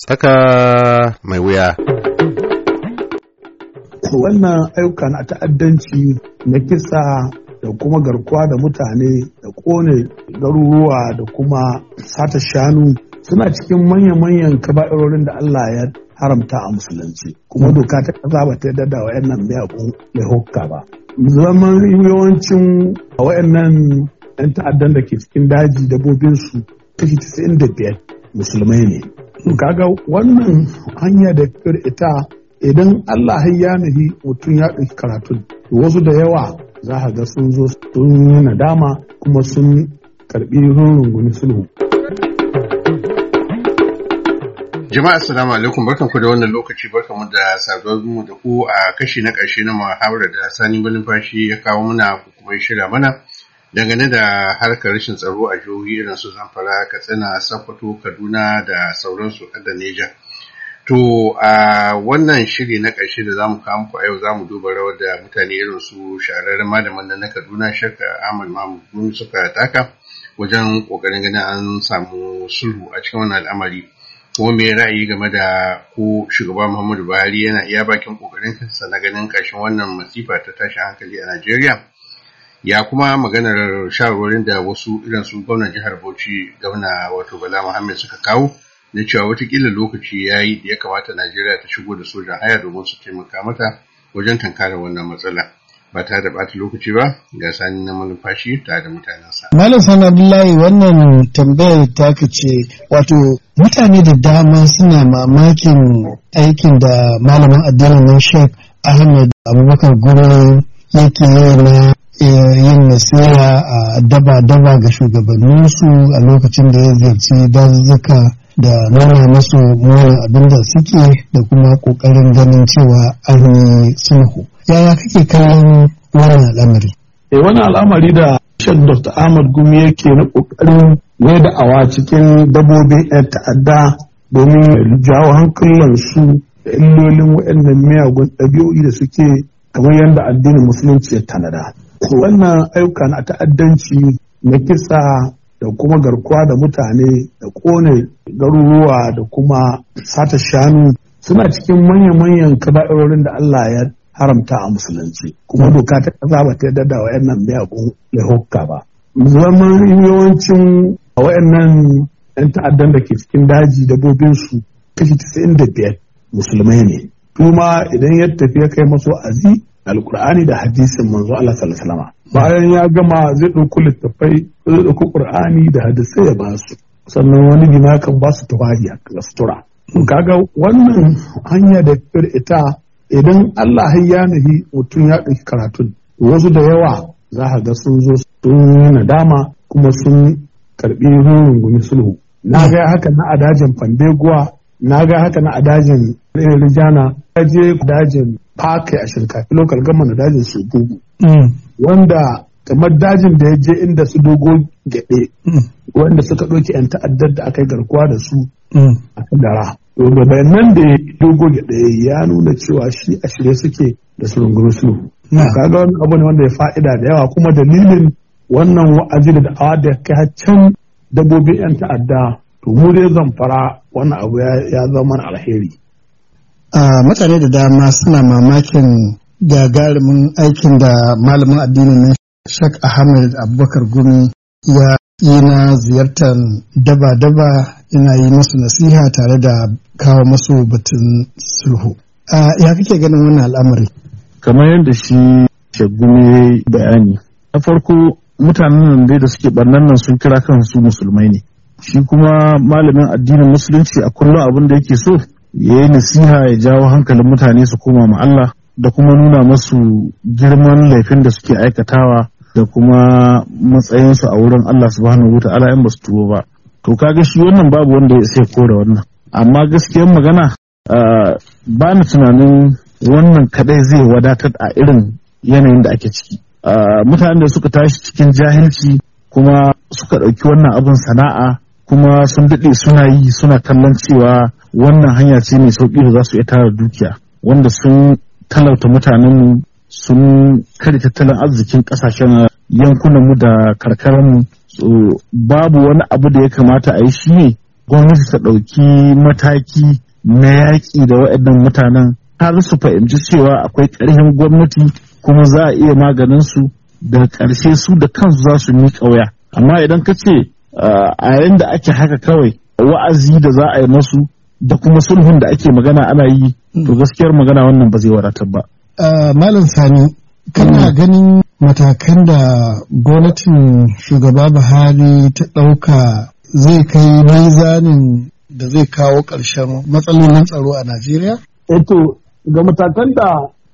Tsaka mai wuya. Wannan ayyuka na ta'addanci na kisa da kuma garkuwa da mutane da kone garuruwa da kuma sata shanu suna cikin manya-manyan kaba'irorin da Allah ya haramta a musulunci kuma doka ta ƙasa ba ta yarda da 'yannan miyagun lehokka ba zaman yawancin wayannan yan ta'addan da ke cikin daji dabobinsu kashi 95 musulmai ne kaga wannan hanya da ita idan Allah ya nahi mutum ya ɗauki karatun wasu da yawa za a ga sun zo sun nadama kuma sun karɓi gumi sulhu. Jama'a assalamu alaikum barkan ku da wannan lokaci barkan mu da saduwar mu da ku a kashi na ƙarshe na muhawara da Sani fashi ya kawo muna kuma shirya mana dangane da harkar rashin tsaro a jihohi irin su zamfara katsina sokoto kaduna da sauransu da neja to a wannan shiri na ƙarshe da za mu kawo muku a yau zamu duba rawar da mutane irin su shahararren malaman na kaduna shakka ahmad mahmud suka taka wajen ƙoƙarin ganin an samu sulhu a cikin wannan al'amari kuma me ra'ayi game da ko shugaba muhammadu buhari yana iya bakin ƙoƙarin kansa na ganin ƙarshen wannan masifa ta tashin hankali a najeriya ya kuma maganar shawarwarin da wasu irin su gwamnan jihar bauchi gwamna wato bala muhammad suka kawo na cewa watakila lokaci ya yi da ya kamata najeriya ta shigo da sojan haya domin su taimaka mata wajen tankara wannan matsala ba ta da ɓata lokaci ba ga sani na manufashi tare da mutanensa. malam sani abdullahi wannan tambayar ta ce wato mutane da dama suna mamakin aikin da malamin addinin Sheikh shek ahmed abubakar gurin yake yi na yin nasiha a daba-daba ga shugabanninsu a lokacin da ya ziyarci dazuzzuka da nuna musu nuna abin da suke da kuma kokarin ganin cewa an yi sulhu yaya kake kallon wannan al'amari eh wani al'amari da shan dr ahmad gumi yake na kokarin ne da awa cikin dabobin yan ta'adda domin jawo hankulan da illolin waɗannan miyagun ɗabi'o'i da suke kamar yadda addinin musulunci ya tanada wannan ayyuka na ta'addanci na kisa da kuma garkuwa da mutane da kone garuruwa da kuma sata shanu suna cikin manya-manyan kaba'irorin da Allah ya haramta a musulunci kuma doka ta kaza ba ta yadda da wayannan miyagun lehokka ba zaman yawancin a wayannan yan ta'addan da ke cikin daji dabobinsu kashi 95 musulmai ne kuma idan ya tafi ya kai maso azi alkur'ani da hadisin manzo Allah sallallahu alaihi wasallam bayan ya gama zai ɗauko littafai zai ɗauko qur'ani da hadisai ya ba su sannan wani gina kan ba su tawahi a sutura kaga wannan hanya da ita idan Allah ya nahi mutum ya ɗauki karatun wasu da yawa za ka ga sun zo sun nadama kuma sun karɓi gumi sulhu na ga haka na adajin fandeguwa na ga haka na adajin irin eh, rijana ta je dajin faka a shirka lokal gama na dajin su mm. wanda kamar dajin da ya je inda su dogo gyaɗe mm. wanda suka ɗauki 'yan ta'addar da aka yi garkuwa da su mm. a kadara wanda da ya dogo gyaɗe ya nuna cewa shi a shirye suke da su rungumi su kaga wani abu ne wanda ya fa'ida da yawa kuma dalilin wannan wa'azi da da'awa da ya kai can dabbobin 'yan ta'adda to mu dai zamfara wannan abu ya zama alheri mutane da dama suna mamakin gagarumin aikin da malamin addinin na shak Ahmed Abubakar Gumi ya yi na ziyartar daba-daba ina yi masu nasiha tare da kawo masu batun sulhu. Ya kake ganin wannan al'amari? Kamar yadda shi Shagumi ya bayani. Na farko mutanen nan da suke barnan nan sun kira kansu musulmai ne. Shi kuma malamin addinin musulunci a kullum abin da yake so ya yi nasiha ya jawo hankalin mutane su koma ma Allah da kuma nuna masu girman laifin da suke aikatawa da kuma matsayinsu a wurin Allah subhanahu wata'ala in ba su tuwo ba to kaga shi wannan babu wanda ya sai kore wannan amma gaskiyar magana ba ni tunanin wannan kadai zai wadatar a irin yanayin da ake ciki mutanen da suka tashi cikin jahilci kuma suka ɗauki wannan abin sana'a kuma sun daɗe suna yi suna kallon cewa wannan hanya ce mai sauƙi da za su iya tara dukiya wanda sun talauta mutanenmu sun kare tattalin arzikin ƙasashen yankunanmu da karkararmu babu wani abu da ya kamata a yi shi ne gwamnati ta ɗauki mataki na yaƙi da waɗannan mutanen har su fahimci cewa akwai ƙarfin gwamnati kuma za a iya maganin su da ƙarshe su da kansu za su yi waya amma idan ka ce a yayin da ake haka kawai wa'azi da za a yi masu da kuma sulhun da ake magana ana yi to mm. gaskiyar magana wannan ba zai wadatar ba. Uh, Malam Sani, kana mm. ganin matakan da gwamnatin shugaba Buhari ta ɗauka zai kai mizanin da zai kawo ƙarshen matsalolin tsaro a Najeriya? Eto, eh ga matakan da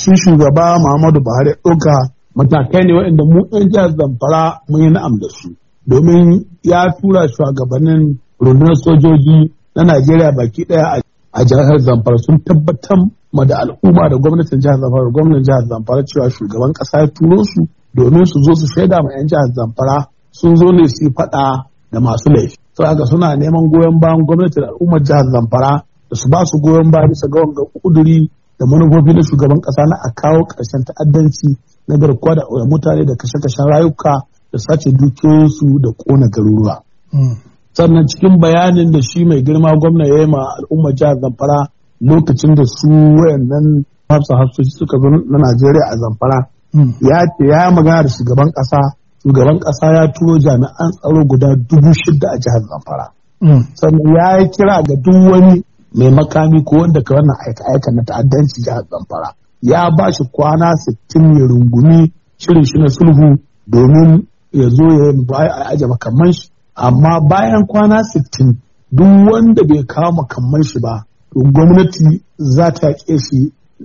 shi shugaba Muhammadu Buhari ɗauka matakai ne waɗanda mu ɗan jihar Zamfara mun yi na'am da su. Domin ya tura shugabannin rundunar sojoji na Najeriya baki daya a jihar Zamfara sun tabbatar ma da al'umma da gwamnatin jihar Zamfara gwamnatin jihar Zamfara cewa shugaban kasa ya turo su domin su zo su shaida ma 'yan jihar Zamfara sun zo ne su faɗa da masu laifi. haka suna neman goyon bayan gwamnatin da al'ummar jihar Zamfara da su ba su goyon baya bisa ga wanga kuduri da manufofi na shugaban kasa na a kawo ƙarshen ta'addanci na garkuwa da mutane da kashe-kashen rayuka da sace dukiyoyinsu da ƙona garuruwa. Hmm. sannan cikin bayanin da shi mai girma gwamna ya yi ma al'ummar jihar zamfara lokacin da su wayannan hafsa hafsoshi suka zo na najeriya a zamfara hmm. ya ce ya magana da shugaban kasa shugaban kasa ya turo jami'an tsaro guda dubu shida a jihar zamfara hmm. sannan ya yi kira ga duk wani mai makami ko wanda ka wannan aika-aika na ta'addanci jihar zamfara ya ba shi kwana sittin ya rungumi shirin shi na sulhu domin ya zo ya yi a aje makamman shi amma bayan kwana 60 duk wanda bai kama kamar shi ba to gwamnati za ta shi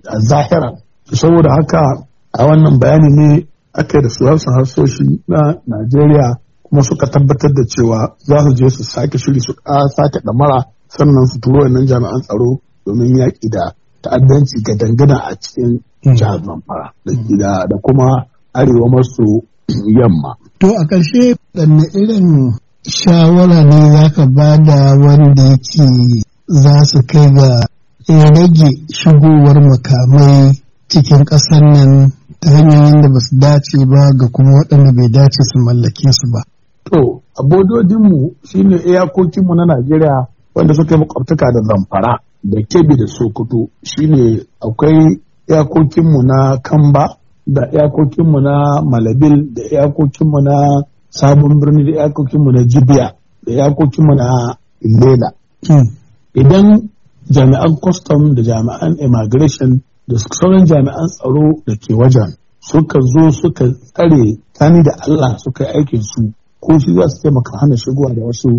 a zahira saboda haka a wannan bayani ne aka yi da su harsun harsoshi na najeriya kuma suka tabbatar da cewa za su je su sake shiri su sake mara sannan su turo wannan jami'an tsaro domin yaƙi da ta'addanci ga dangana a cikin jihar zamfara da kuma arewa masu yamma. To a ƙarshe ɗanne irin shawara ne za ka ba da wanda yake za su kai ga rage shigowar makamai cikin ƙasar nan ta hanyoyin da ba su dace ba ga kuma waɗanda bai dace su mallake su ba. To, a shi shine iyakokinmu na Najeriya wanda suka yi makwabtaka da zamfara da kebe da sokoto Shi ne akwai iyakokinmu na kamba da iyakokinmu na malabil da iyakokinmu na sabon birni da yakokinmu na jibiya da yakokinmu na lela hmm. idan jami'an kwastam da jami'an immigration da sauran jami'an tsaro da ke wajen suka zo suka tsare tani da allah suka yi aikin su ko shi za su taimaka hana shigowa da wasu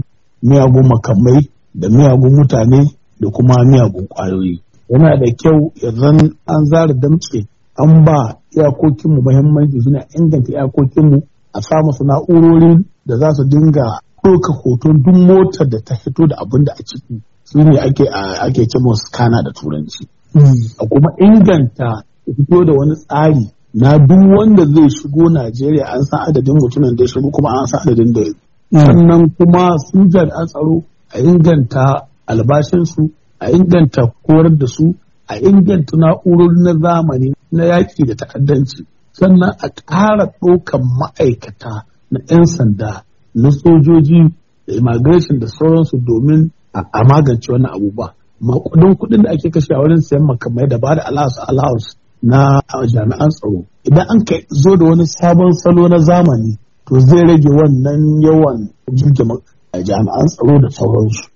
miyagun makamai da miyagun mutane da kuma miyagun kwayoyi yana da kyau yanzu an zara damce an ba iyakokinmu muhimmanci suna inganta iyakokinmu a samu musu na'urorin da za su dinga ɗauka hoton duk motar da ta fito da abin da a ciki su ne ake ake ce kana da turanci hmm. a kuma inganta fito da wani tsari na duk wanda zai shigo Najeriya an san adadin mutumin da ya shigo kuma an san adadin da ya hmm. sannan kuma su an tsaro a inganta albashinsu a inganta koyar da su a inganta na'urorin na zamani na yaƙi da ta'addanci sannan a ƙara ɗaukan ma'aikata na 'yan sanda na sojoji da immigration da sauransu domin a magance wani abu ba maƙudin kuɗin da ake kashe a wurin sayan makamai da ba da allowance na jami'an tsaro idan an kai zo da wani sabon salo na zamani to zai rage wannan yawan jirgin jami'an tsaro da sauransu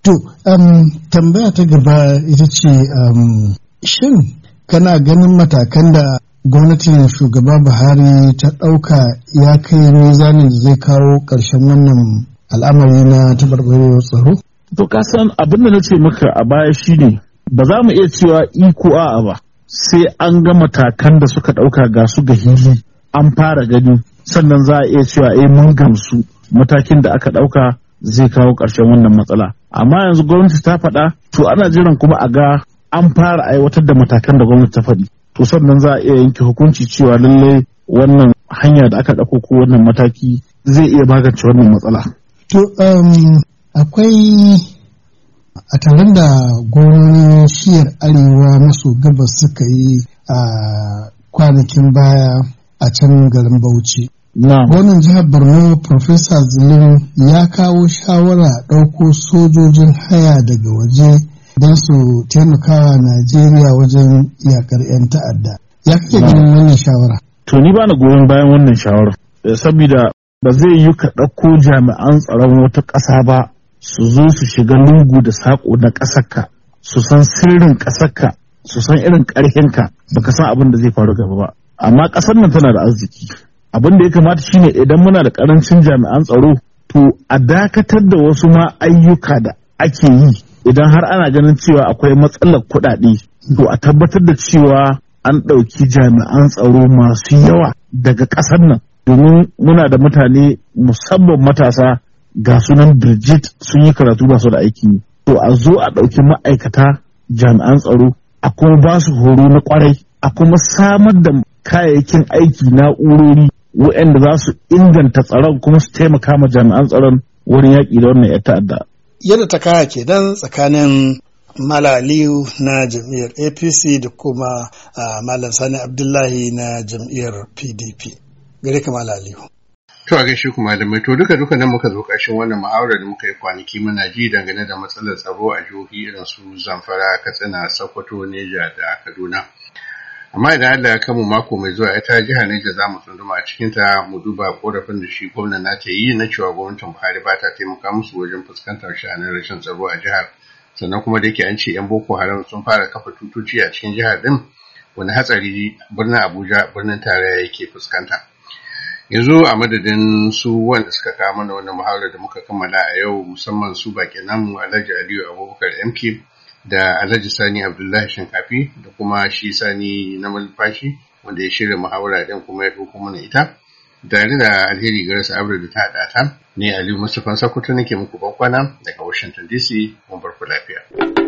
To, um, tambaya ta gaba ita ce, um, shin kana ganin matakan da gwamnatin shugaba buhari ta ɗauka ya kai mizanin da zai kawo ƙarshen wannan al'amari na taɓarɓarewar tsaro? to kasan abin da na ce maka a baya shine ba za mu iya cewa iko a'a ba sai an ga matakan da suka ɗauka ga su ga hili an fara gani sannan za a iya cewa eh mun gamsu matakin da aka ɗauka zai kawo ƙarshen wannan matsala amma yanzu gwamnati ta faɗa to ana jiran kuma a ga an fara aiwatar da matakan da gwamnati ta faɗi to sannan za a iya yanke hukunci cewa lallai wannan hanya da aka ɗauko ko wannan mataki zai iya magance wannan matsala. To um, akwai a taron da gwamnonin shiyar arewa maso gabas suka yi a kwanakin baya a can garin Bauchi. Wannan jihar Borno Profesa Zulum ya kawo shawara ɗauko sojojin haya daga waje don su taimakawa Najeriya wajen yakar 'yan ta'adda. Ya kake ganin wannan shawara? To ni ba na goyon bayan wannan shawara. Eh, saboda ba zai yi ka ɗauko jami'an tsaron wata ƙasa ba su zo su shiga lungu da saƙo na ƙasarka su san sirrin ƙasarka su san irin ƙarfinka baka san abin da zai faru gaba ba. Amma ƙasar nan tana da arziki. Abin da ya kamata shine idan muna da ƙarancin jami'an tsaro to a dakatar da wasu ma ayyuka da ake yi idan har ana ganin cewa akwai matsalar kuɗaɗe to a tabbatar da cewa an ɗauki jami'an tsaro masu yawa daga ƙasar nan domin muna da mutane musamman matasa ga sunan Bridget sun yi karatu ba su da aiki to a zo a ɗauki ma'aikata jami'an tsaro a kuma ba su horo na kwarai a kuma samar da kayayyakin aiki na'urori waɗanda za su inganta tsaron kuma su taimaka ma jami'an tsaron wurin yaƙi da wannan ya ta'adda. yadda ta kaya ke dan tsakanin malaliu na jam'iyyar APC da kuma Malam Sani Abdullahi na jam'iyyar PDP. Gare ka Mala Aliyu. To a gaishe kuma da mai to duka duka nan muka zo kashin wannan ma'aurar da muka yi kwanaki muna ji dangane da matsalar tsaro a jihohi irin su Zamfara, Katsina, Sokoto, Neja da Kaduna. amma idan Allah ya kamu mako mai zuwa ita jihar Niger za mu tsunduma a cikin ta mu duba korafin da shi gwamnan na ta yi na cewa gwamnatin Buhari ba ta taimaka musu wajen fuskantar sha'anin rashin tsaro a jihar sannan kuma da yake an ce yan Boko Haram sun fara kafa tutoci a cikin jihar din wani hatsari birnin Abuja birnin tarayya yake fuskanta yanzu a madadin su wanda suka kawo mana wannan muhawara da muka kammala a yau musamman su bakin namu Alhaji Aliyu Abubakar MK da Alhaji Sani Abdullahi Shinkafi da kuma shi Sani na Malfashi wanda ya shirya muhawara ɗin kuma ya ɗauko mana ita. Tare da Alheri Garis Abdul da ta haɗa ta, ne Aliyu Mustapha Sakutu nake muku bankwana daga Washington DC, mun barku lafiya.